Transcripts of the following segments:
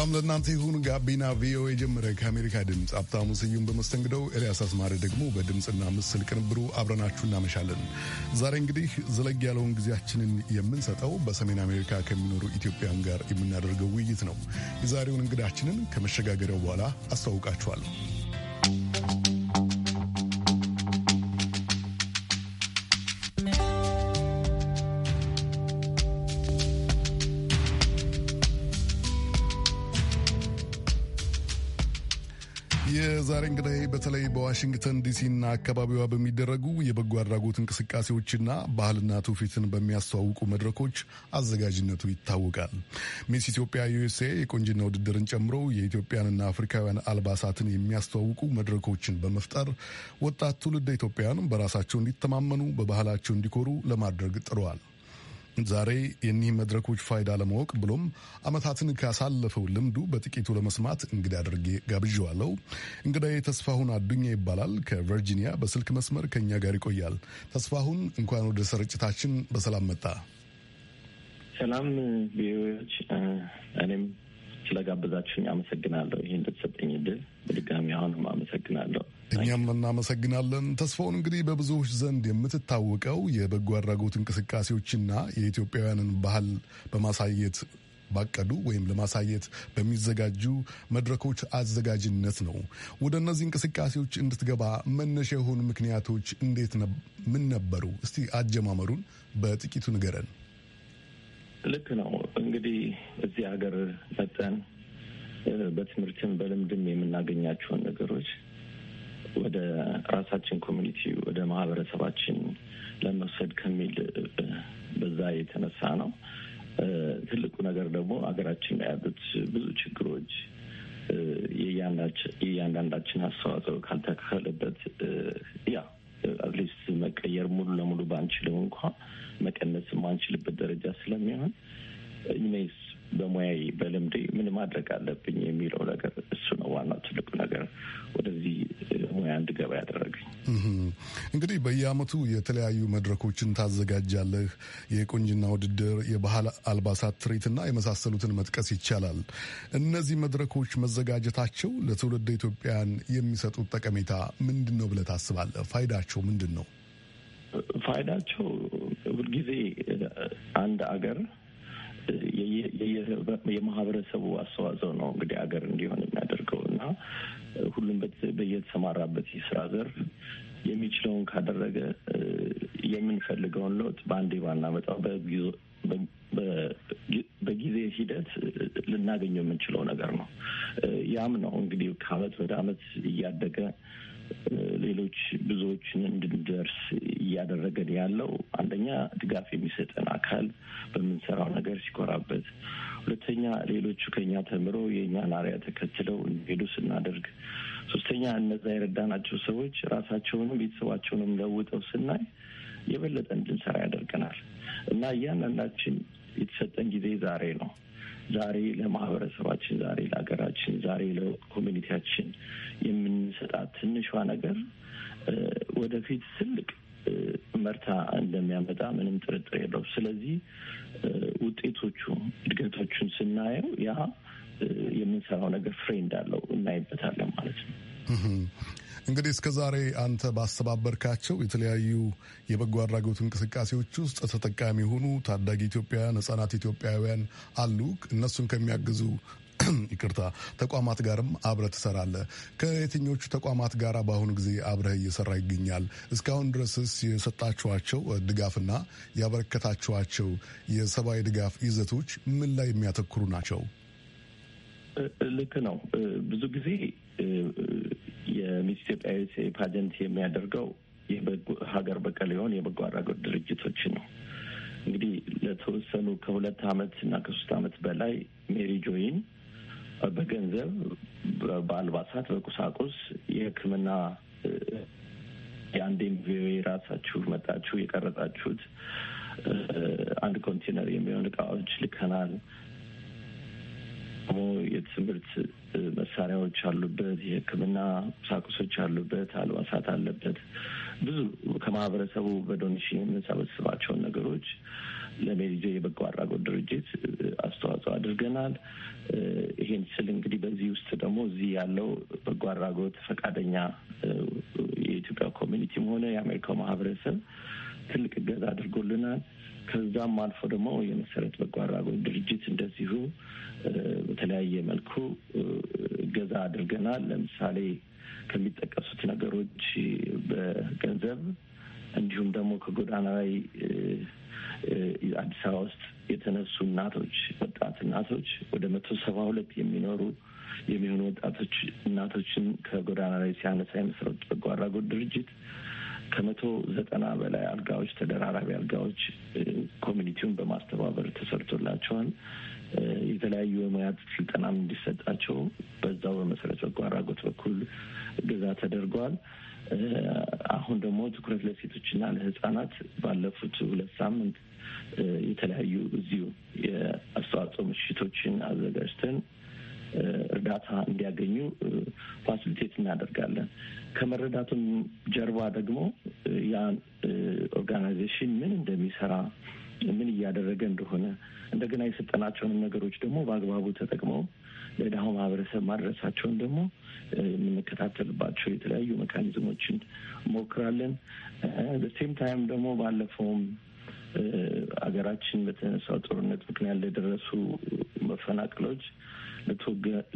ሰላም ለእናንተ ይሁን። ጋቢና ቪኦኤ ጀመረ። ከአሜሪካ ድምፅ ሀብታሙ ስዩም በመስተንግደው፣ ኤልያስ አስማሪ ደግሞ በድምፅና ምስል ቅንብሩ አብረናችሁ እናመሻለን። ዛሬ እንግዲህ ዘለግ ያለውን ጊዜያችንን የምንሰጠው በሰሜን አሜሪካ ከሚኖሩ ኢትዮጵያን ጋር የምናደርገው ውይይት ነው። የዛሬውን እንግዳችንን ከመሸጋገሪያው በኋላ አስተዋውቃችኋለሁ። የዛሬ እንግዳይ በተለይ በዋሽንግተን ዲሲና አካባቢዋ በሚደረጉ የበጎ አድራጎት እንቅስቃሴዎችና ባህልና ትውፊትን በሚያስተዋውቁ መድረኮች አዘጋጅነቱ ይታወቃል። ሚስ ኢትዮጵያ ዩኤስኤ የቆንጅና ውድድርን ጨምሮ የኢትዮጵያንና አፍሪካውያን አልባሳትን የሚያስተዋውቁ መድረኮችን በመፍጠር ወጣት ትውልደ ኢትዮጵያውያን በራሳቸው እንዲተማመኑ፣ በባህላቸው እንዲኮሩ ለማድረግ ጥረዋል። ዛሬ የኒህ መድረኮች ፋይዳ ለማወቅ ብሎም ዓመታትን ካሳለፈው ልምዱ በጥቂቱ ለመስማት እንግዳ አድርጌ ጋብዣዋለሁ። እንግዳ ተስፋሁን አዱኛ ይባላል። ከቨርጂኒያ በስልክ መስመር ከእኛ ጋር ይቆያል። ተስፋሁን እንኳን ወደ ስርጭታችን በሰላም መጣ። ሰላም ቪዎች እኔም ስለጋበዛችሁኝ አመሰግናለሁ። ይህ እንድትሰጠኝ ድል በድጋሚ አሁንም አመሰግናለሁ። እኛም እናመሰግናለን። ተስፋውን እንግዲህ በብዙዎች ዘንድ የምትታወቀው የበጎ አድራጎት እንቅስቃሴዎችና የኢትዮጵያውያንን ባህል በማሳየት ባቀዱ ወይም ለማሳየት በሚዘጋጁ መድረኮች አዘጋጅነት ነው። ወደ እነዚህ እንቅስቃሴዎች እንድትገባ መነሻ የሆኑ ምክንያቶች እንዴት ምን ነበሩ? እስቲ አጀማመሩን በጥቂቱ ንገረን። ልክ ነው እንግዲህ እዚህ ሀገር መጠን በትምህርትም በልምድም የምናገኛቸውን ነገሮች ወደ ራሳችን ኮሚኒቲ ወደ ማህበረሰባችን ለመውሰድ ከሚል በዛ የተነሳ ነው። ትልቁ ነገር ደግሞ ሀገራችን ላይ ያሉት ብዙ ችግሮች የእያንዳንዳችን አስተዋጽኦ ካልተካከለበት ያ አትሊስት መቀየር ሙሉ ለሙሉ ባንችልም እንኳ መቀነስ ማንችልበት ደረጃ ስለሚሆን ኢሜይስ በሙያዬ በልምዴ ምን ማድረግ አለብኝ የሚለው ነገር እሱ ነው ዋናው ትልቁ ነገር ወደዚህ ሙያ እንድገባ ያደረገኝ። እንግዲህ በየአመቱ የተለያዩ መድረኮችን ታዘጋጃለህ። የቁንጅና ውድድር፣ የባህል አልባሳት እና የመሳሰሉትን መጥቀስ ይቻላል። እነዚህ መድረኮች መዘጋጀታቸው ለትውልድ ኢትዮጵያን የሚሰጡት ጠቀሜታ ምንድን ነው ብለህ ታስባለህ? ፋይዳቸው ምንድን ነው? ፋይዳቸው ሁልጊዜ አንድ አገር የማህበረሰቡ አስተዋጽኦ ነው እንግዲህ ሀገር እንዲሆን የሚያደርገው እና ሁሉም በየተሰማራበት የስራ ዘርፍ የሚችለውን ካደረገ የምንፈልገውን ለውጥ በአንዴ ባናመጣው በጊዜ ሂደት ልናገኘው የምንችለው ነገር ነው። ያም ነው እንግዲህ ከአመት ወደ አመት እያደገ ሌሎች ብዙዎችን እንድንደርስ እያደረገን ያለው አንደኛ ድጋፍ የሚሰጠን አካል በምንሰራው ነገር ሲኮራበት፣ ሁለተኛ ሌሎቹ ከኛ ተምረው የእኛን አርያ ተከትለው እንዲሄዱ ስናደርግ፣ ሶስተኛ እነዛ የረዳናቸው ሰዎች ራሳቸውንም ቤተሰባቸውንም ለውጠው ስናይ የበለጠ እንድንሰራ ያደርገናል እና እያንዳንዳችን የተሰጠን ጊዜ ዛሬ ነው። ዛሬ ለማህበረሰባችን፣ ዛሬ ለሀገራችን፣ ዛሬ ለኮሚኒቲያችን የምንሰጣት ትንሿ ነገር ወደፊት ትልቅ መርታ እንደሚያመጣ ምንም ጥርጥር የለው። ስለዚህ ውጤቶቹ እድገቶቹን ስናየው ያ የምንሰራው ነገር ፍሬ እንዳለው እናይበታለን ማለት ነው። እንግዲህ እስከ ዛሬ አንተ ባስተባበርካቸው የተለያዩ የበጎ አድራጎት እንቅስቃሴዎች ውስጥ ተጠቃሚ የሆኑ ታዳጊ ኢትዮጵያውያን፣ ህጻናት ኢትዮጵያውያን አሉ። እነሱን ከሚያግዙ ይቅርታ ተቋማት ጋርም አብረህ ትሰራለህ። ከየትኞቹ ተቋማት ጋር በአሁኑ ጊዜ አብረህ እየሰራ ይገኛል? እስካሁን ድረስስ የሰጣችኋቸው ድጋፍና ያበረከታችኋቸው የሰብአዊ ድጋፍ ይዘቶች ምን ላይ የሚያተኩሩ ናቸው? ልክ ነው። ብዙ ጊዜ የሚስ ኢትዮጵያዊት ፓጀንት የሚያደርገው ሀገር በቀል የሆን የበጎ አድራጎት ድርጅቶችን ነው። እንግዲህ ለተወሰኑ ከሁለት አመት እና ከሶስት አመት በላይ ሜሪ ጆይን በገንዘብ በአልባሳት፣ በቁሳቁስ የሕክምና የአንዴም ቪኦኤ ራሳችሁ መጣችሁ የቀረጻችሁት አንድ ኮንቴነር የሚሆን እቃዎች ልከናል። ደግሞ የትምህርት መሳሪያዎች አሉበት፣ የሕክምና ቁሳቁሶች አሉበት፣ አልባሳት አለበት። ብዙ ከማህበረሰቡ በዶኔሽን የምንሰበስባቸውን ነገሮች ለሜሪጆ የበጎ አድራጎት ድርጅት አስተዋጽኦ አድርገናል። ይሄን ስል እንግዲህ በዚህ ውስጥ ደግሞ እዚህ ያለው በጎ አድራጎት ፈቃደኛ የኢትዮጵያ ኮሚኒቲም ሆነ የአሜሪካው ማህበረሰብ ትልቅ እገዛ አድርጎልናል። ከዛም አልፎ ደግሞ የመሰረት በጎ አድራጎት ድርጅት እንደዚሁ በተለያየ መልኩ እገዛ አድርገናል። ለምሳሌ ከሚጠቀሱት ነገሮች በገንዘብ እንዲሁም ደግሞ ከጎዳና ላይ አዲስ አበባ ውስጥ የተነሱ እናቶች ወጣት እናቶች ወደ መቶ ሰባ ሁለት የሚኖሩ የሚሆኑ ወጣቶች እናቶችን ከጎዳና ላይ ሲያነሳ የመሰረት በጎ አድራጎት ድርጅት ከመቶ ዘጠና በላይ አልጋዎች፣ ተደራራቢ አልጋዎች ኮሚኒቲውን በማስተባበር ተሰርቶላቸዋል። የተለያዩ የሙያ ስልጠናም እንዲሰጣቸው በዛው በመሰረት በጎ አድራጎት በኩል እገዛ ተደርገዋል። አሁን ደግሞ ትኩረት ለሴቶችና ለህጻናት ባለፉት ሁለት ሳምንት የተለያዩ እዚሁ የአስተዋጽኦ ምሽቶችን አዘጋጅተን እርዳታ እንዲያገኙ ፋሲሊቴት እናደርጋለን። ከመረዳቱም ጀርባ ደግሞ ያን ኦርጋናይዜሽን ምን እንደሚሰራ ምን እያደረገ እንደሆነ እንደገና የሰጠናቸውንም ነገሮች ደግሞ በአግባቡ ተጠቅመው ለድሃው ማህበረሰብ ማድረሳቸውን ደግሞ የምንከታተልባቸው የተለያዩ ሜካኒዝሞችን ሞክራለን። በሴም ታይም ደግሞ ባለፈውም አገራችን በተነሳው ጦርነት ምክንያት ለደረሱ መፈናቅሎች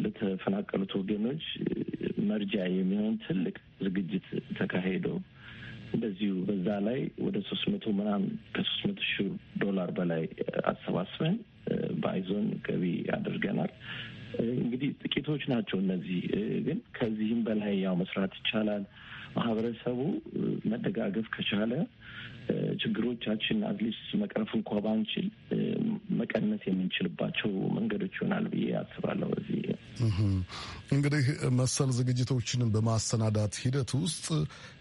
ለተፈናቀሉት ወገኖች መርጃ የሚሆን ትልቅ ዝግጅት ተካሄዶ እንደዚሁ በዛ ላይ ወደ ሶስት መቶ ምናም ከሶስት መቶ ሺ ዶላር በላይ አሰባስበን በአይዞን ገቢ አድርገናል። እንግዲህ ጥቂቶች ናቸው እነዚህ። ግን ከዚህም በላይ ያው መስራት ይቻላል። ማህበረሰቡ መደጋገፍ ከቻለ ችግሮቻችን አትሊስት መቅረፍ እንኳ ባንችል መቀነስ የምንችልባቸው መንገዶች ይሆናል ብዬ አስባለሁ። በዚህ እንግዲህ መሰል ዝግጅቶችን በማሰናዳት ሂደት ውስጥ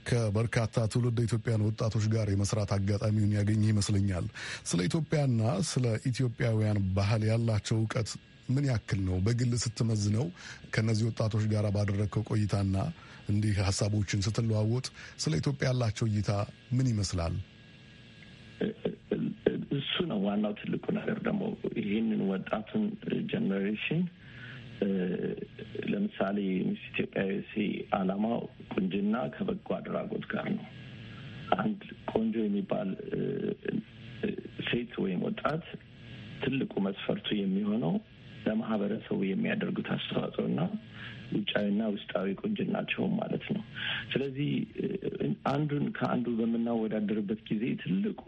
ከበርካታ ትውልድ ኢትዮጵያን ወጣቶች ጋር የመስራት አጋጣሚውን ያገኘ ይመስለኛል። ስለ ኢትዮጵያና ስለ ኢትዮጵያውያን ባህል ያላቸው እውቀት ምን ያክል ነው? በግል ስትመዝነው ከእነዚህ ወጣቶች ጋር ባደረግከው ቆይታና እንዲህ ሀሳቦችን ስትለዋወጥ ስለ ኢትዮጵያ ያላቸው እይታ ምን ይመስላል? እሱ ነው ዋናው ትልቁ ነገር። ደግሞ ይህንን ወጣቱን ጀኔሬሽን ለምሳሌ ሚስ ኢትዮጵያዊሲ አላማው ቁንጅና ከበጎ አድራጎት ጋር ነው። አንድ ቆንጆ የሚባል ሴት ወይም ወጣት ትልቁ መስፈርቱ የሚሆነው ለማህበረሰቡ የሚያደርጉት አስተዋጽኦ እና ውጫዊና ውስጣዊ ቁንጅናቸውም ማለት ነው። ስለዚህ አንዱን ከአንዱ በምናወዳደርበት ጊዜ ትልቁ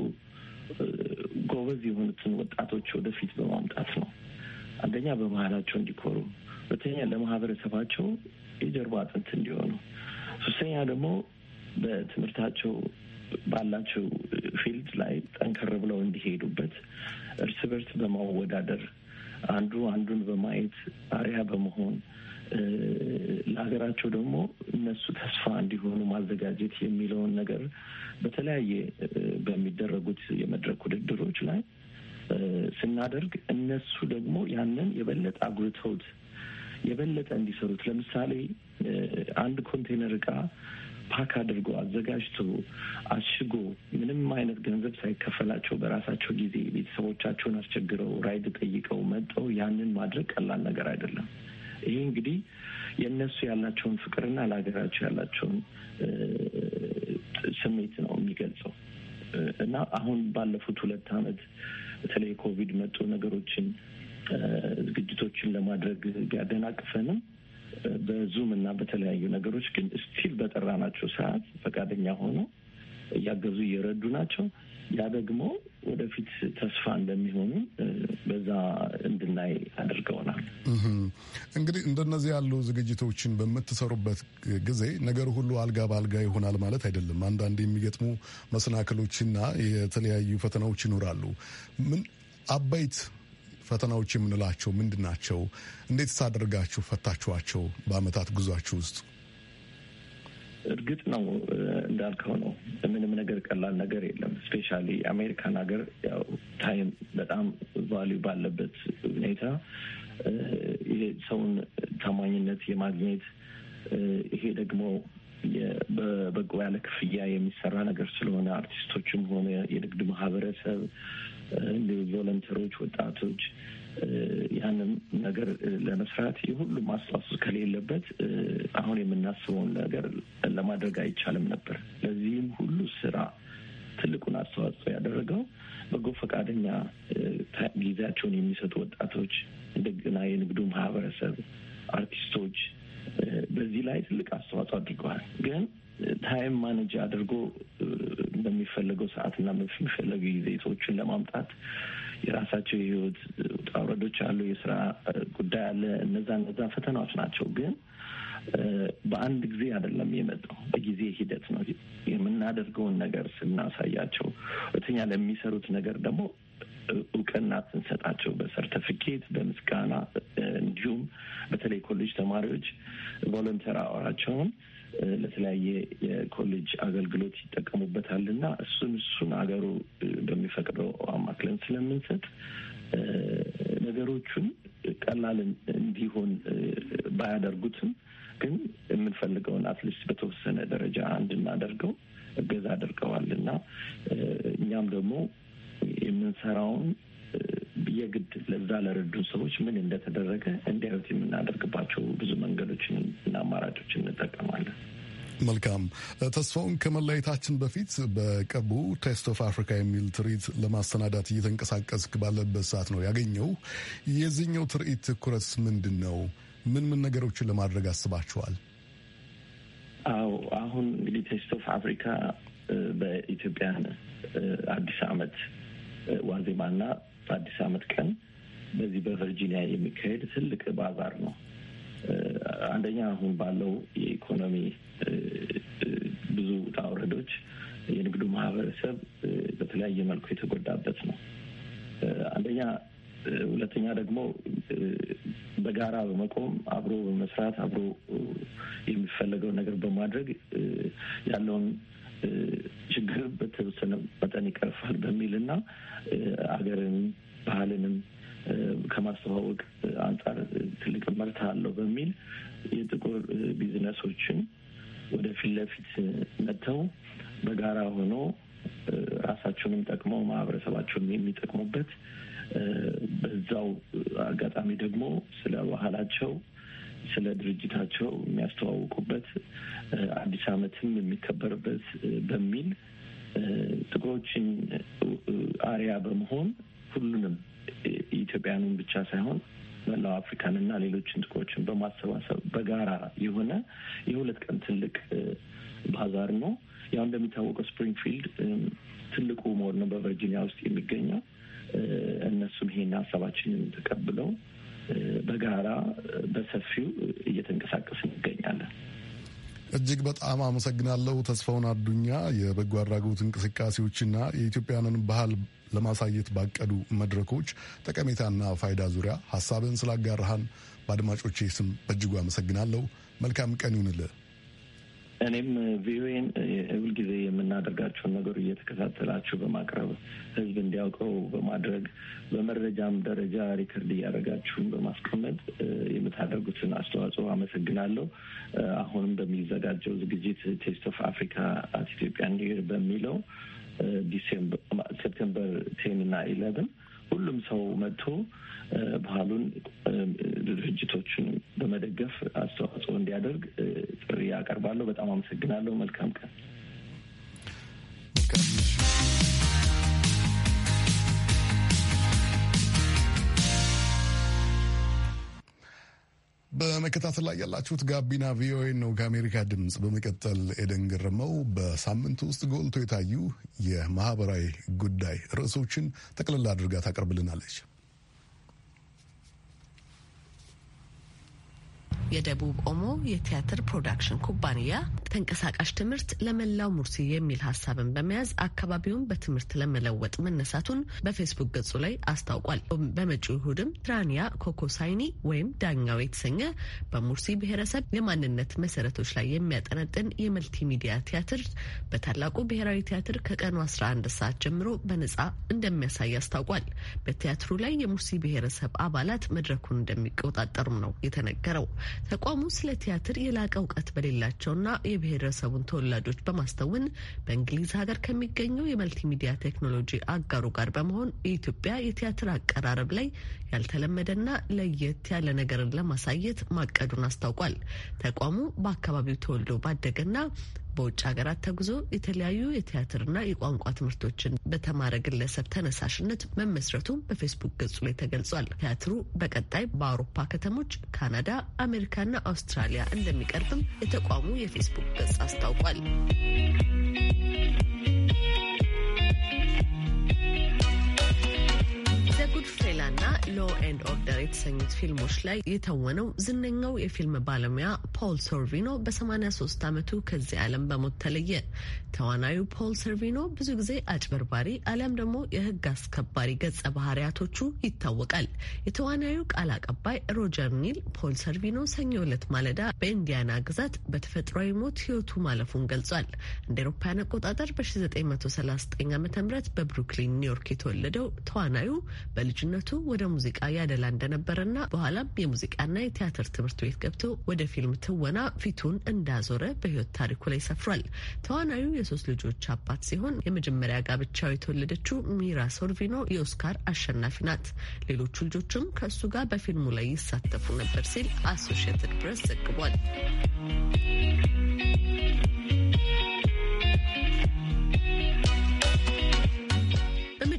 ጎበዝ የሆኑትን ወጣቶች ወደፊት በማምጣት ነው። አንደኛ በባህላቸው እንዲኮሩ፣ ሁለተኛ ለማህበረሰባቸው የጀርባ አጥንት እንዲሆኑ፣ ሶስተኛ ደግሞ በትምህርታቸው ባላቸው ፊልድ ላይ ጠንከር ብለው እንዲሄዱበት እርስ በርስ በማወዳደር አንዱ አንዱን በማየት አሪያ በመሆን ለሀገራቸው ደግሞ እነሱ ተስፋ እንዲሆኑ ማዘጋጀት የሚለውን ነገር በተለያየ በሚደረጉት የመድረክ ውድድሮች ላይ ስናደርግ እነሱ ደግሞ ያንን የበለጠ አጉልተውት የበለጠ እንዲሰሩት ለምሳሌ አንድ ኮንቴነር እቃ ፓክ አድርጎ አዘጋጅቶ አሽጎ ምንም አይነት ገንዘብ ሳይከፈላቸው በራሳቸው ጊዜ ቤተሰቦቻቸውን አስቸግረው ራይድ ጠይቀው መጠው ያንን ማድረግ ቀላል ነገር አይደለም። ይህ እንግዲህ የእነሱ ያላቸውን ፍቅርና ለሀገራቸው ያላቸውን ስሜት ነው የሚገልጸው እና አሁን ባለፉት ሁለት ዓመት በተለይ ኮቪድ መጡ ነገሮችን ዝግጅቶችን ለማድረግ ቢያደናቅፈንም በዙም እና በተለያዩ ነገሮች ግን ስቲል በጠራናቸው ሰዓት ፈቃደኛ ሆኖ እያገዙ እየረዱ ናቸው። ያ ደግሞ ወደፊት ተስፋ እንደሚሆኑ በዛ እንድናይ አድርገውናል። እንግዲህ እንደነዚህ ያሉ ዝግጅቶችን በምትሰሩበት ጊዜ ነገር ሁሉ አልጋ በአልጋ ይሆናል ማለት አይደለም። አንዳንድ የሚገጥሙ መሰናክሎችና የተለያዩ ፈተናዎች ይኖራሉ። ምን አበይት ፈተናዎች የምንላቸው ምንድን ናቸው? እንዴት ሳደርጋችሁ ፈታችኋቸው በአመታት ጉዟችሁ ውስጥ? እርግጥ ነው እንዳልከው ነው። ምንም ነገር ቀላል ነገር የለም። ስፔሻሊ አሜሪካን ሀገር ያው ታይም በጣም ቫሊዩ ባለበት ሁኔታ ይሄ ሰውን ታማኝነት የማግኘት ይሄ ደግሞ በበጎ ያለ ክፍያ የሚሰራ ነገር ስለሆነ አርቲስቶችም ሆነ የንግድ ማህበረሰብ እንዲሁ ቮለንተሮች፣ ወጣቶች ያንን ነገር ለመስራት የሁሉም አስተዋጽኦ ከሌለበት አሁን የምናስበውን ነገር ለማድረግ አይቻልም ነበር። ለዚህም ሁሉ ስራ ትልቁን አስተዋጽኦ ያደረገው በጎ ፈቃደኛ ጊዜያቸውን የሚሰጡ ወጣቶች፣ እንደገና የንግዱ ማህበረሰብ፣ አርቲስቶች በዚህ ላይ ትልቅ አስተዋጽኦ አድርገዋል። ግን ታይም ማኔጅ አድርጎ በሚፈለገው ሰዓትና በሚፈለገ ጊዜ ሰዎችን ለማምጣት የራሳቸው የህይወት ውጣ ውረዶች አሉ፣ የስራ ጉዳይ አለ። እነዛ እነዛ ፈተናዎች ናቸው። ግን በአንድ ጊዜ አይደለም የመጣው፣ በጊዜ ሂደት ነው። የምናደርገውን ነገር ስናሳያቸው፣ ሁለተኛ ለሚሰሩት ነገር ደግሞ እውቅና ስንሰጣቸው በሰርተፊኬት በምስጋና እንዲሁም በተለይ ኮሌጅ ተማሪዎች ቮለንተር አወራቸውን ለተለያየ የኮሌጅ አገልግሎት ይጠቀሙበታል እና እሱን እሱን አገሩ በሚፈቅደው አማክለን ስለምንሰጥ ነገሮቹን ቀላል እንዲሆን ባያደርጉትም ግን የምንፈልገውን አትሊስት በተወሰነ ደረጃ እንድናደርገው እገዛ አድርገዋል እና እኛም ደግሞ የምንሰራውን የግድ ለዛ ለረዱ ሰዎች ምን እንደተደረገ እንዲያዩት የምናደርግባቸው ብዙ መንገዶችን እና አማራጮችን እንጠቀማለን። መልካም ተስፋውን ከመለየታችን በፊት በቅርቡ ቴስት ኦፍ አፍሪካ የሚል ትርኢት ለማሰናዳት እየተንቀሳቀስክ ባለበት ሰዓት ነው ያገኘው። የዚህኛው ትርኢት ትኩረት ምንድን ነው? ምን ምን ነገሮችን ለማድረግ አስባችኋል? አዎ አሁን እንግዲህ ቴስት ኦፍ አፍሪካ በኢትዮጵያ አዲስ ዓመት ዋዜማና አዲስ ዓመት ቀን በዚህ በቨርጂኒያ የሚካሄድ ትልቅ ባዛር ነው። አንደኛ አሁን ባለው የኢኮኖሚ ብዙ ውጣ ውረዶች የንግዱ ማህበረሰብ በተለያየ መልኩ የተጎዳበት ነው። አንደኛ ሁለተኛ ደግሞ በጋራ በመቆም አብሮ በመስራት አብሮ የሚፈለገውን ነገር በማድረግ ያለውን ችግር በተወሰነ መጠን ይቀርፋል በሚል እና አገርንም ባህልንም ከማስተዋወቅ አንጻር ትልቅ መርታ አለው በሚል የጥቁር ቢዝነሶችን ወደ ፊት ለፊት መጥተው በጋራ ሆኖ ራሳቸውንም ጠቅመው ማህበረሰባቸውን የሚጠቅሙበት በዛው አጋጣሚ ደግሞ ስለ ባህላቸው ስለ ድርጅታቸው የሚያስተዋውቁበት አዲስ ዓመትም የሚከበርበት በሚል ጥቁሮችን አሪያ በመሆን ሁሉንም ኢትዮጵያንን ብቻ ሳይሆን መላው አፍሪካን እና ሌሎችን ጥቁሮችን በማሰባሰብ በጋራ የሆነ የሁለት ቀን ትልቅ ባዛር ነው። ያው እንደሚታወቀው ስፕሪንግፊልድ ትልቁ ሞል ነው በቨርጂኒያ ውስጥ የሚገኘው። እነሱም ይሄን ሀሳባችንን ተቀብለው በጋራ በሰፊው እየተንቀሳቀስ እንገኛለን። እጅግ በጣም አመሰግናለሁ። ተስፋውን አዱኛ የበጎ አድራጎት እንቅስቃሴዎችና የኢትዮጵያንን ባህል ለማሳየት ባቀዱ መድረኮች ጠቀሜታና ፋይዳ ዙሪያ ሀሳብን ስላጋርሃን በአድማጮቼ ስም በእጅጉ አመሰግናለሁ። መልካም ቀን ይሁንልህ። እኔም ቪኦኤን ሁልጊዜ የምናደርጋቸውን ነገሩ እየተከታተላችሁ በማቅረብ ህዝብ እንዲያውቀው በማድረግ በመረጃም ደረጃ ሪከርድ እያደረጋችሁን በማስቀመጥ የምታደርጉትን አስተዋጽኦ አመሰግናለሁ። አሁንም በሚዘጋጀው ዝግጅት ቴስት ኦፍ አፍሪካ አት ኢትዮጵያ እንዲሄድ በሚለው ዲሴምበር ሴፕቴምበር ቴን እና ኢለቨን ሁሉም ሰው መጥቶ ባህሉን ድርጅቶቹን በመደገፍ አስተዋጽኦ እንዲያደርግ ጥሪ ያቀርባለሁ። በጣም አመሰግናለሁ። መልካም ቀን። በመከታተል ላይ ያላችሁት ጋቢና ቪኦኤ ነው ከአሜሪካ ድምፅ። በመቀጠል ኤደን ገረመው በሳምንት ውስጥ ጎልቶ የታዩ የማህበራዊ ጉዳይ ርዕሶችን ጠቅልላ አድርጋ ታቀርብልናለች። የደቡብ ኦሞ የቲያትር ፕሮዳክሽን ኩባንያ ተንቀሳቃሽ ትምህርት ለመላው ሙርሲ የሚል ሀሳብን በመያዝ አካባቢውን በትምህርት ለመለወጥ መነሳቱን በፌስቡክ ገጹ ላይ አስታውቋል። በመጪው እሁድም ትራኒያ ኮኮሳይኒ ወይም ዳኛው የተሰኘ በሙርሲ ብሔረሰብ የማንነት መሰረቶች ላይ የሚያጠነጥን የመልቲሚዲያ ቲያትር በታላቁ ብሔራዊ ቲያትር ከቀኑ 11 ሰዓት ጀምሮ በነጻ እንደሚያሳይ አስታውቋል። በቲያትሩ ላይ የሙርሲ ብሔረሰብ አባላት መድረኩን እንደሚቆጣጠሩም ነው የተነገረው። ተቋሙ ስለ ቲያትር የላቀ እውቀት በሌላቸውና የብሔረሰቡን ተወላጆች በማስተውን በእንግሊዝ ሀገር ከሚገኘው የመልቲሚዲያ ቴክኖሎጂ አጋሩ ጋር በመሆን የኢትዮጵያ የቲያትር አቀራረብ ላይ ያልተለመደና ለየት ያለ ነገርን ለማሳየት ማቀዱን አስታውቋል። ተቋሙ በአካባቢው ተወልዶ ባደገና በውጭ ሀገራት ተጉዞ የተለያዩ የቲያትርና የቋንቋ ትምህርቶችን በተማረ ግለሰብ ተነሳሽነት መመስረቱም በፌስቡክ ገጹ ላይ ተገልጿል። ቲያትሩ በቀጣይ በአውሮፓ ከተሞች፣ ካናዳ፣ አሜሪካና አውስትራሊያ እንደሚቀርብም የተቋሙ የፌስቡክ ገጽ አስታውቋል። ና ሎ ኤንድ ኦርደር የተሰኙት ፊልሞች ላይ የተወነው ዝነኛው የፊልም ባለሙያ ፖል ሰርቪኖ በ83 ዓመቱ ከዚህ ዓለም በሞት ተለየ። ተዋናዩ ፖል ሰርቪኖ ብዙ ጊዜ አጭበርባሪ አሊያም ደግሞ የህግ አስከባሪ ገጸ ባህሪያቶቹ ይታወቃል። የተዋናዩ ቃል አቀባይ ሮጀር ኒል ፖል ሰርቪኖ ሰኞ ዕለት ማለዳ በኢንዲያና ግዛት በተፈጥሯዊ ሞት ሕይወቱ ማለፉን ገልጿል። እንደ ኤሮፓያን አቆጣጠር በ1939 ዓ ም በብሩክሊን ኒውዮርክ የተወለደው ተዋናዩ በል በልጅነቱ ወደ ሙዚቃ ያደላ እንደነበረና በኋላም የሙዚቃና የቲያትር ትምህርት ቤት ገብቶ ወደ ፊልም ትወና ፊቱን እንዳዞረ በህይወት ታሪኩ ላይ ሰፍሯል። ተዋናዩ የሶስት ልጆች አባት ሲሆን የመጀመሪያ ጋብቻው የተወለደችው ሚራ ሶርቪኖ የኦስካር አሸናፊ ናት። ሌሎቹ ልጆችም ከእሱ ጋር በፊልሙ ላይ ይሳተፉ ነበር ሲል አሶሺየትድ ፕሬስ ዘግቧል።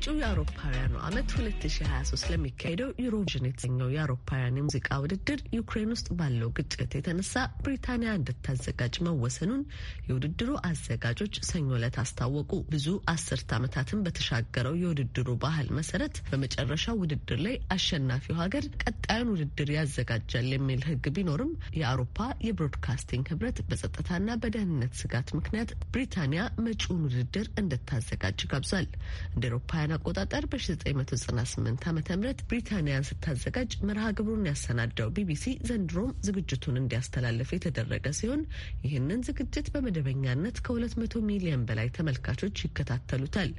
በመጪው የአውሮፓውያኑ ዓመት 2023 ለሚካሄደው ዩሮቪዥን የተሰኘው የአውሮፓውያን የሙዚቃ ውድድር ዩክሬን ውስጥ ባለው ግጭት የተነሳ ብሪታንያ እንድታዘጋጅ መወሰኑን የውድድሩ አዘጋጆች ሰኞ ዕለት አስታወቁ። ብዙ አስርት ዓመታትን በተሻገረው የውድድሩ ባህል መሰረት በመጨረሻው ውድድር ላይ አሸናፊው ሀገር ቀጣዩን ውድድር ያዘጋጃል የሚል ሕግ ቢኖርም የአውሮፓ የብሮድካስቲንግ ሕብረት በጸጥታና በደህንነት ስጋት ምክንያት ብሪታንያ መጪውን ውድድር እንድታዘጋጅ ጋብዟል። እንደ አውሮፓውያን አቆጣጠር በ1998 ዓ ም ብሪታንያን ስታዘጋጅ መርሃ ግብሩን ያሰናዳው ቢቢሲ ዘንድሮም ዝግጅቱን እንዲያስተላልፍ የተደረገ ሲሆን ይህንን ዝግጅት በመደበኛነት ከ200 ሚሊዮን በላይ ተመልካቾች ይከታተሉታል።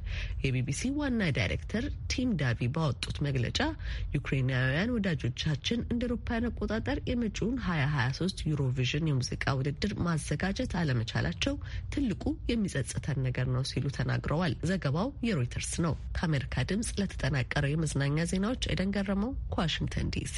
የቢቢሲ ዋና ዳይሬክተር ቲም ዳቪ ባወጡት መግለጫ ዩክሬናውያን ወዳጆቻችን እንደ አውሮፓውያን አቆጣጠር የመጪውን 2023 ዩሮቪዥን የሙዚቃ ውድድር ማዘጋጀት አለመቻላቸው ትልቁ የሚጸጽተን ነገር ነው ሲሉ ተናግረዋል። ዘገባው የሮይተርስ ነው። ከአሜሪካ ድምፅ ለተጠናቀረው የመዝናኛ ዜናዎች ኤደን ገረመው ከዋሽንግተን ዲሲ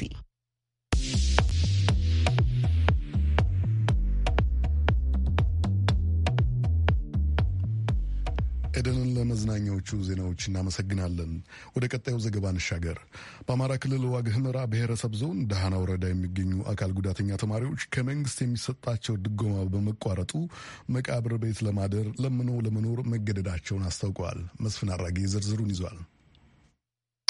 ኤደንን ለመዝናኛዎቹ ዜናዎች እናመሰግናለን። ወደ ቀጣዩ ዘገባ እንሻገር። በአማራ ክልል ዋግ ህምራ ብሔረሰብ ዞን ደሃና ወረዳ የሚገኙ አካል ጉዳተኛ ተማሪዎች ከመንግስት የሚሰጣቸው ድጎማ በመቋረጡ መቃብር ቤት ለማደር ለምኖ ለመኖር መገደዳቸውን አስታውቀዋል። መስፍን አራጌ ዝርዝሩን ይዟል።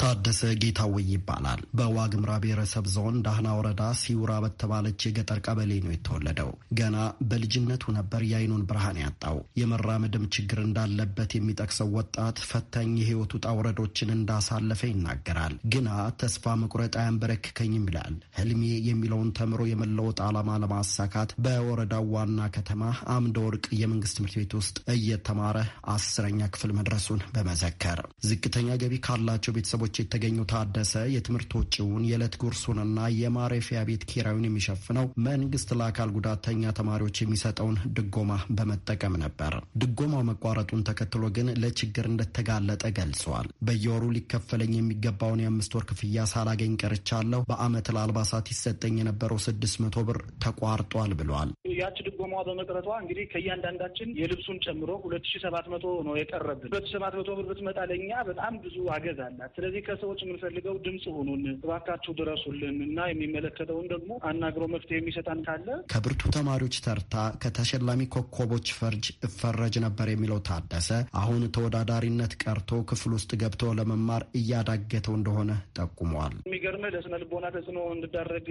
ታደሰ ጌታወይ ይባላል። በዋግምራ ብሔረሰብ ዞን ዳህና ወረዳ ሲውራ በተባለች የገጠር ቀበሌ ነው የተወለደው። ገና በልጅነቱ ነበር የአይኑን ብርሃን ያጣው። የመራመድም ችግር እንዳለበት የሚጠቅሰው ወጣት ፈታኝ የህይወት ውጣ ውረዶችን እንዳሳለፈ ይናገራል። ግና ተስፋ መቁረጥ አያንበረክከኝም ይላል። ህልሜ የሚለውን ተምሮ የመለወጥ ዓላማ ለማሳካት በወረዳው ዋና ከተማ አምደ ወርቅ የመንግስት ትምህርት ቤት ውስጥ እየተማረ አስረኛ ክፍል መድረሱን በመዘከር ዝቅተኛ ገቢ ካላቸው ቤተሰቦች ነዋሪዎች የተገኘው ታደሰ የትምህርት ወጪውን የዕለት ጉርሱንና የማረፊያ ቤት ኪራዩን የሚሸፍነው መንግስት ለአካል ጉዳተኛ ተማሪዎች የሚሰጠውን ድጎማ በመጠቀም ነበር። ድጎማው መቋረጡን ተከትሎ ግን ለችግር እንደተጋለጠ ገልጿል። በየወሩ ሊከፈለኝ የሚገባውን የአምስት ወር ክፍያ ሳላገኝ ቀርቻለሁ። በአመት ለአልባሳት ይሰጠኝ የነበረው ስድስት መቶ ብር ተቋርጧል ብሏል። ያች ድጎማ በመቅረቷ እንግዲህ ከእያንዳንዳችን የልብሱን ጨምሮ ሁለት ሺ ሰባት መቶ ነው የቀረብን። ሁለት ሺ ሰባት መቶ ብር ብትመጣ ለእኛ በጣም ብዙ አገዝ አላት። ስለዚህ ከሰዎች የምንፈልገው ድምፅ ሁኑን፣ እባካችሁ ድረሱልን እና የሚመለከተውን ደግሞ አናግሮ መፍትሄ የሚሰጠን ካለ ከብርቱ ተማሪዎች ተርታ ከተሸላሚ ኮከቦች ፈርጅ እፈረጅ ነበር የሚለው ታደሰ አሁን ተወዳዳሪነት ቀርቶ ክፍል ውስጥ ገብቶ ለመማር እያዳገተው እንደሆነ ጠቁመዋል። የሚገርመ ለስነ ልቦና ተጽዕኖ እንድዳረግ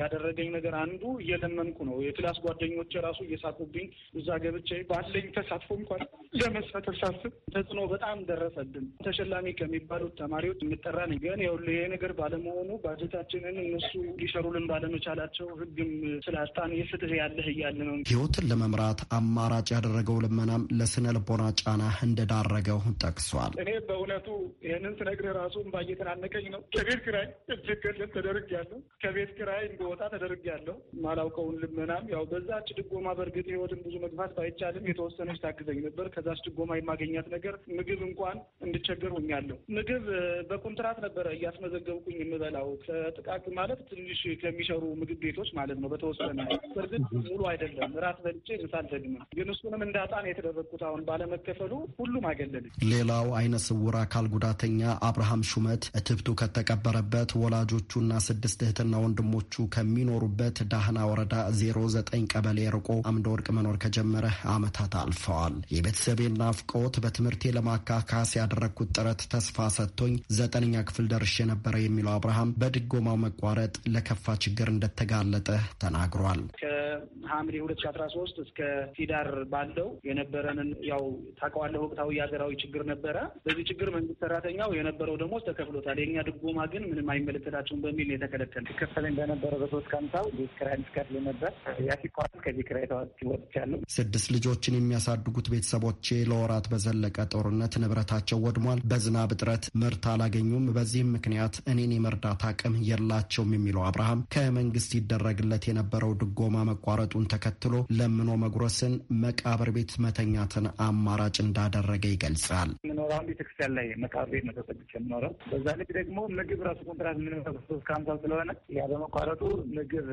ያደረገኝ ነገር አንዱ እየለመንኩ ነው። የክላስ ጓደኞች ራሱ እየሳቁብኝ እዛ ገብቼ ባለኝ ተሳትፎ እንኳን ሳስብ ተጽዕኖ በጣም ደረሰብን። ተሸላሚ ከሚባሉት ተማሪ ተማሪዎች እንጠራን። ግን ይኸውልህ ይሄ ነገር ባለመሆኑ ባጀታችንን እነሱ ሊሰሩልን ባለመቻላቸው ህግም ስላጣን የፍትህ ያለህ እያለ ነው። ህይወትን ለመምራት አማራጭ ያደረገው ልመናም ለስነ ልቦና ጫና እንደዳረገው ጠቅሷል። እኔ በእውነቱ ይህንን ስነግርህ ራሱ እምባ እየተናነቀኝ ነው። ከቤት ኪራይ ተደርግ ያለው ከቤት ኪራይ እንደወጣ ያለው ማላውቀውን ልመናም ያው በዛች ድጎማ በእርግጥ ህይወትን ብዙ መግፋት ባይቻልም የተወሰነች ታግዘኝ ነበር። ከዛች ድጎማ የማገኛት ነገር ምግብ እንኳን እንድቸገር ሆኛለሁ። ምግብ በኮንትራት ነበረ እያስመዘገብኩኝ የምበላው ከጥቃቅ ማለት ትንሽ ከሚሸሩ ምግብ ቤቶች ማለት ነው። በተወሰነ እርግጥ ሙሉ አይደለም። ራት በልጬ ምሳ አልደግምም። ግን እሱንም እንዳጣን የተደረግኩት አሁን ባለመከፈሉ ሁሉም አገለለ። ሌላው አይነ ስውር አካል ጉዳተኛ አብርሃም ሹመት እትብቱ ከተቀበረበት ወላጆቹና ስድስት እህትና ወንድሞቹ ከሚኖሩበት ዳህና ወረዳ ዜሮ ዘጠኝ ቀበሌ ርቆ አምደ ወርቅ መኖር ከጀመረ ዓመታት አልፈዋል። የቤተሰቤን ናፍቆት በትምህርቴ ለማካካስ ያደረግኩት ጥረት ተስፋ ሰጥቶኝ ዘጠነኛ ክፍል ደርሼ ነበረ የሚለው አብርሃም በድጎማው መቋረጥ ለከፋ ችግር እንደተጋለጠ ተናግሯል። ከሐምሌ ሁለት ሺ አስራ ሶስት እስከ ሲዳር ባለው የነበረንን ያው ታውቀዋለህ፣ ወቅታዊ የሀገራዊ ችግር ነበረ። በዚህ ችግር መንግስት ሰራተኛው የነበረው ደሞዝ ተከፍሎታል። የእኛ ድጎማ ግን ምንም አይመለከታቸውም በሚል ነው የተከለከለ። ይከፈል እንደነበረ በሶስት ከአምሳው ቤት ኪራይ እንድከፍል ነበር። ያ ሲቋረጥ ከዚህ ኪራይ ወጥቻለሁ። ስድስት ልጆችን የሚያሳድጉት ቤተሰቦቼ ለወራት በዘለቀ ጦርነት ንብረታቸው ወድሟል። በዝናብ እጥረት ምርታ አላገኙም። በዚህም ምክንያት እኔን የመርዳት አቅም የላቸውም የሚለው አብርሃም ከመንግስት ይደረግለት የነበረው ድጎማ መቋረጡን ተከትሎ ለምኖ መጉረስን መቃብር ቤት መተኛትን አማራጭ እንዳደረገ ይገልጻል። የምኖረው ቤተክርስቲያን ላይ መቃብር ቤት መተሰግቸ ምኖረው በዛ ልክ ደግሞ ምግብ ራሱ ኮንትራት የምንመ ሶስት ከሀምሳ ስለሆነ ያ በመቋረጡ ምግብ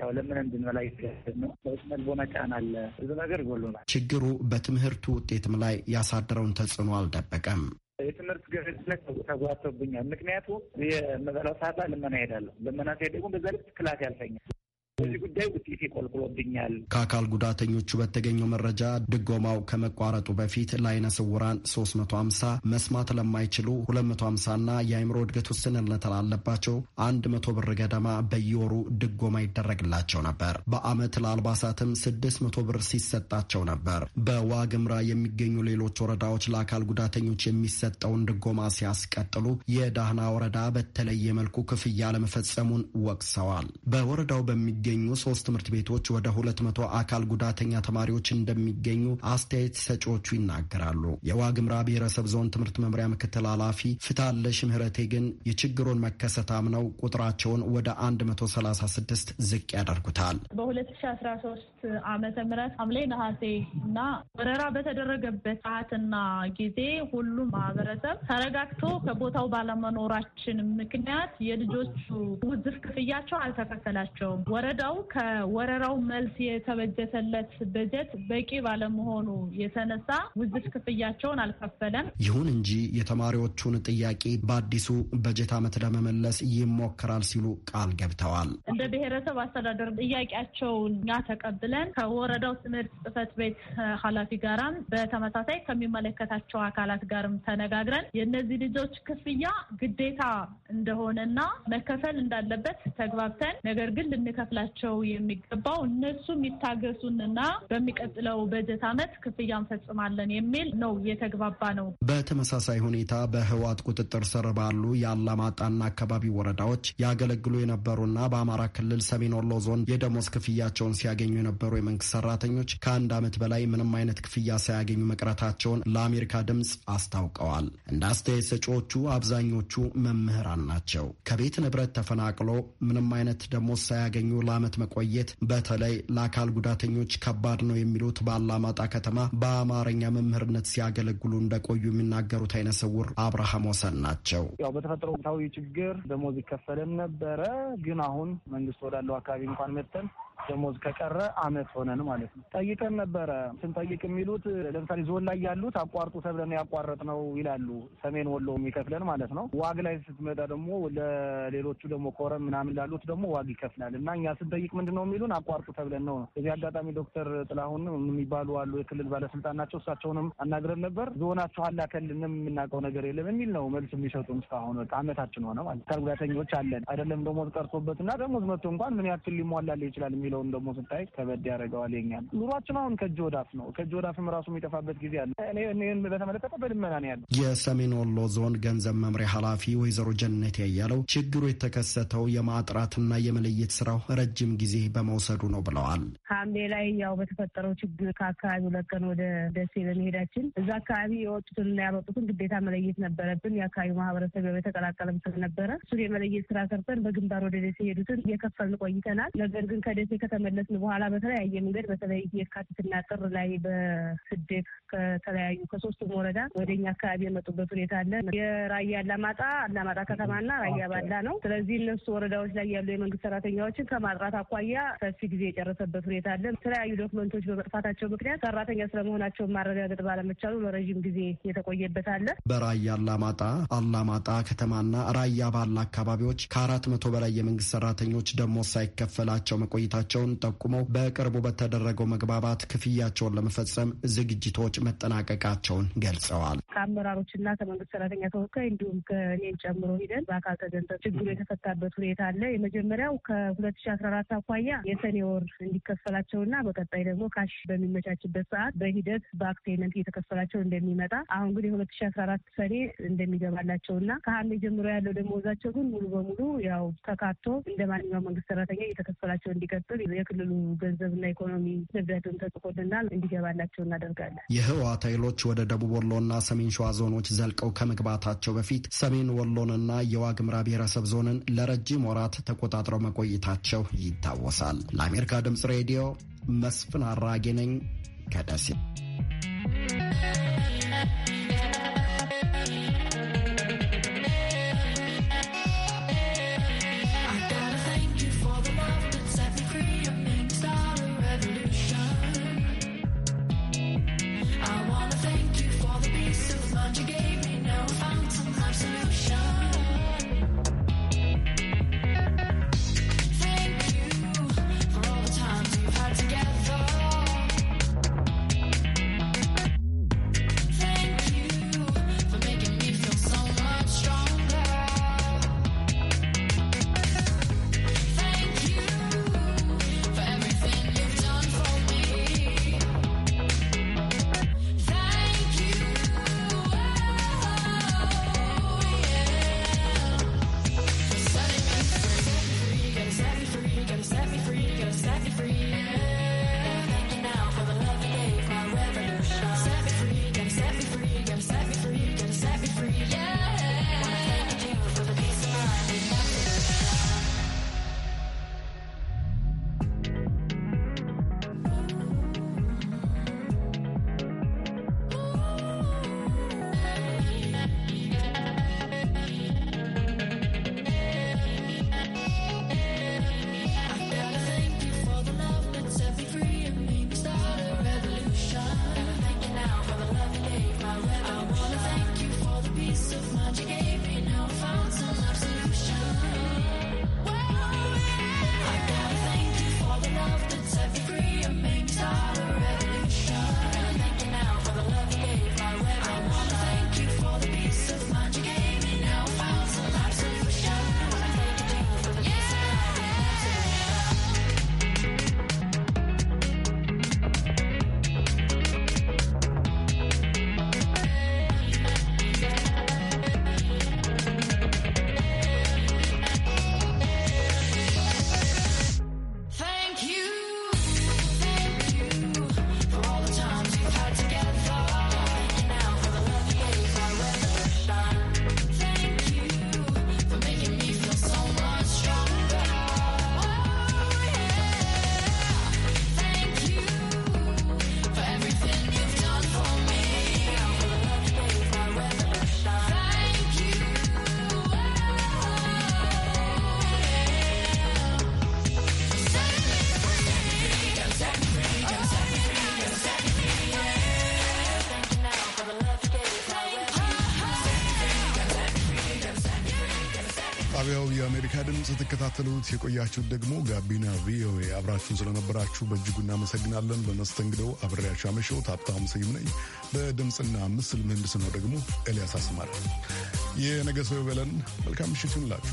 ያው ለምን እንድንበላ ይችላል ነው መልቦና ጫና አለ ብዙ ነገር ጎሎናል። ችግሩ በትምህርቱ ውጤትም ላይ ያሳደረውን ተጽዕኖ አልደበቀም። የትምህርት ገበች ላይ ተጓቶብኛል። ምክንያቱም የመበላው ሰዓት ልመና ሄዳለሁ። ልመና ሲሄድ ደግሞ በዛ ልክ ክላስ ያልፈኛል። በዚህ ጉዳይ ውጤት ይቆልቁሎብኛል። ከአካል ጉዳተኞቹ በተገኘው መረጃ ድጎማው ከመቋረጡ በፊት ለአይነ ስውራን 350፣ መስማት ለማይችሉ 250 እና የአይምሮ እድገት ውስንነት ላለባቸው አንድ መቶ ብር ገደማ በየወሩ ድጎማ ይደረግላቸው ነበር። በአመት ለአልባሳትም ስድስት መቶ ብር ሲሰጣቸው ነበር። በዋግምራ የሚገኙ ሌሎች ወረዳዎች ለአካል ጉዳተኞች የሚሰጠውን ድጎማ ሲያስቀጥሉ የዳህና ወረዳ በተለየ መልኩ ክፍያ ለመፈጸሙን ወቅሰዋል። በወረዳው በሚ የሚገኙ ሶስት ትምህርት ቤቶች ወደ ሁለት መቶ አካል ጉዳተኛ ተማሪዎች እንደሚገኙ አስተያየት ሰጪዎቹ ይናገራሉ። የዋግምራ ብሔረሰብ ዞን ትምህርት መምሪያ ምክትል ኃላፊ ፍታለሽ ምህረቴ ግን የችግሩን መከሰት አምነው ቁጥራቸውን ወደ 136 ዝቅ ያደርጉታል። በ2013 ዓመተ ምህረት ሐምሌ፣ ነሐሴ እና ወረራ በተደረገበት ሰዓትና ጊዜ ሁሉም ማህበረሰብ ተረጋግቶ ከቦታው ባለመኖራችን ምክንያት የልጆቹ ውዝፍ ክፍያቸው አልተከፈላቸውም። ወረ ወረዳው ከወረራው መልስ የተበጀተለት በጀት በቂ ባለመሆኑ የተነሳ ውዝፍ ክፍያቸውን አልከፈለም። ይሁን እንጂ የተማሪዎቹን ጥያቄ በአዲሱ በጀት ዓመት ለመመለስ ይሞከራል ሲሉ ቃል ገብተዋል። እንደ ብሔረሰብ አስተዳደር ጥያቄያቸውን እኛ ተቀብለን ከወረዳው ትምህርት ጽህፈት ቤት ኃላፊ ጋራም በተመሳሳይ ከሚመለከታቸው አካላት ጋርም ተነጋግረን የእነዚህ ልጆች ክፍያ ግዴታ እንደሆነና መከፈል እንዳለበት ተግባብተን ነገር ግን ልንከፍላ ሊሰጣቸው የሚገባው እነሱም ይታገሱንና በሚቀጥለው በጀት ዓመት ክፍያ እንፈጽማለን የሚል ነው የተግባባ ነው። በተመሳሳይ ሁኔታ በህወሓት ቁጥጥር ስር ባሉ የአላማጣና አካባቢ ወረዳዎች ያገለግሉ የነበሩና በአማራ ክልል ሰሜን ወሎ ዞን የደሞዝ ክፍያቸውን ሲያገኙ የነበሩ የመንግስት ሰራተኞች ከአንድ ዓመት በላይ ምንም አይነት ክፍያ ሳያገኙ መቅረታቸውን ለአሜሪካ ድምፅ አስታውቀዋል። እንደ አስተያየት ሰጪዎቹ አብዛኞቹ መምህራን ናቸው። ከቤት ንብረት ተፈናቅሎ ምንም አይነት ደሞዝ ሳያገኙ ዓመት መቆየት በተለይ ለአካል ጉዳተኞች ከባድ ነው የሚሉት በአላማጣ ከተማ በአማርኛ መምህርነት ሲያገለግሉ እንደቆዩ የሚናገሩት አይነ ስውር አብርሃም ወሰን ናቸው። ያው በተፈጥሮ ወቅታዊ ችግር ደሞዝ ይከፈልም ነበረ። ግን አሁን መንግስት ወዳለው አካባቢ እንኳን መጥተን ደሞዝ ከቀረ አመት ሆነን ማለት ነው። ጠይቀን ነበረ። ስንጠይቅ የሚሉት ለምሳሌ ዞን ላይ ያሉት አቋርጡ ተብለን ያቋረጥ ነው ይላሉ። ሰሜን ወሎ የሚከፍለን ማለት ነው። ዋግ ላይ ስትመጣ ደግሞ ለሌሎቹ ደግሞ ኮረም ምናምን ላሉት ደግሞ ዋግ ይከፍላል እና እኛ ስንጠይቅ ምንድን ነው የሚሉን አቋርጡ ተብለን ነው ነው። በዚህ አጋጣሚ ዶክተር ጥላሁን የሚባሉ አሉ የክልል ባለስልጣን ናቸው። እሳቸውንም አናግረን ነበር። ዞናችሁ አላከልንም የምናውቀው ነገር የለም የሚል ነው መልስ የሚሰጡን። እስካሁን በቃ አመታችን ሆነ ማለት ጉዳተኞች አለን አይደለም ደሞዝ ቀርቶበት እና ደሞዝ መጥቶ እንኳን ምን ያክል ሊሟላል ይችላል የሚለውን ደግሞ ስታይ ከበድ ያደርገዋል። የኛል ኑሯችን አሁን ከእጅ ወዳፍ ነው። ከእጅ ወዳፍም ራሱ የሚጠፋበት ጊዜ አለ። እኔን በተመለከተ በልመና ነው ያለ የሰሜን ወሎ ዞን ገንዘብ መምሪያ ኃላፊ ወይዘሮ ጀነት ያያለው ችግሩ የተከሰተው የማጥራትና የመለየት ስራው ረጅም ጊዜ በመውሰዱ ነው ብለዋል። ሐምሌ ላይ ያው በተፈጠረው ችግር ከአካባቢው ለቀን ወደ ደሴ በመሄዳችን እዛ አካባቢ የወጡትንና ያመጡትን ግዴታ መለየት ነበረብን። የአካባቢው ማህበረሰብ የተቀላቀለም ስለነበረ እሱን የመለየት ስራ ሰርተን በግንባር ወደ ደሴ ሄዱትን እየከፈልን ቆይተናል። ነገር ግን ከደሴ ከተመለስን በኋላ በተለያየ መንገድ በተለይ የካቲትና ጥር ላይ በስደት ከተለያዩ ከሶስቱም ወረዳ ወደ እኛ አካባቢ የመጡበት ሁኔታ አለ። የራያ አላማጣ አላማጣ ከተማና ራያ ባላ ነው። ስለዚህ እነሱ ወረዳዎች ላይ ያሉ የመንግስት ሰራተኛዎችን ከማጥራት አኳያ ሰፊ ጊዜ የጨረሰበት ሁኔታ አለ። የተለያዩ ዶክመንቶች በመጥፋታቸው ምክንያት ሰራተኛ ስለመሆናቸውን ማረጋገጥ ባለመቻሉ ለረዥም ጊዜ የተቆየበት አለ። በራያ አላማጣ አላማጣ ከተማና ራያ ባላ አካባቢዎች ከአራት መቶ በላይ የመንግስት ሰራተኞች ደሞዝ ሳይከፈላቸው መቆየታቸው መሆናቸውን ጠቁመው በቅርቡ በተደረገው መግባባት ክፍያቸውን ለመፈጸም ዝግጅቶች መጠናቀቃቸውን ገልጸዋል። ከአመራሮችና ከመንግስት ሰራተኛ ተወካይ እንዲሁም ከእኔን ጨምሮ ሂደን በአካል ተገንዘብ ችግሩ የተፈታበት ሁኔታ አለ። የመጀመሪያው ከሁለት ሺ አስራ አራት አኳያ የሰኔ ወር እንዲከፈላቸውና በቀጣይ ደግሞ ካሽ በሚመቻችበት ሰዓት በሂደት ባክ እየተከፈላቸው እንደሚመጣ አሁን ግን የሁለት ሺ አስራ አራት ሰኔ እንደሚገባላቸውና ከሐምሌ ጀምሮ ያለው ደሞዛቸው ግን ሙሉ በሙሉ ያው ተካቶ እንደ ማንኛውም መንግስት ሰራተኛ እየተከፈላቸው እንዲቀጥል ቁጥር የክልሉ ገንዘብና ኢኮኖሚ ንብረትን ተጽፎልናል እንዲገባላቸው እናደርጋለን። የህወሓት ኃይሎች ወደ ደቡብ ወሎና ሰሜን ሸዋ ዞኖች ዘልቀው ከመግባታቸው በፊት ሰሜን ወሎንና የዋግምራ ብሔረሰብ ዞንን ለረጅም ወራት ተቆጣጥረው መቆየታቸው ይታወሳል። ለአሜሪካ ድምጽ ሬዲዮ መስፍን አራጌ ነኝ ከደሴ። ስትከታተሉት የቆያችሁት ደግሞ ጋቢና ቪኦኤ አብራችሁን ስለነበራችሁ በእጅጉ እናመሰግናለን። በመስተንግደው አብሬያችሁ አመሸሁት ሀብታሙ ስዩም ነኝ። በድምፅና ምስል ምህንድስ ነው ደግሞ ኤልያስ አስማረ። የነገ ሰው ይበለን። መልካም ምሽት ይሁንላችሁ።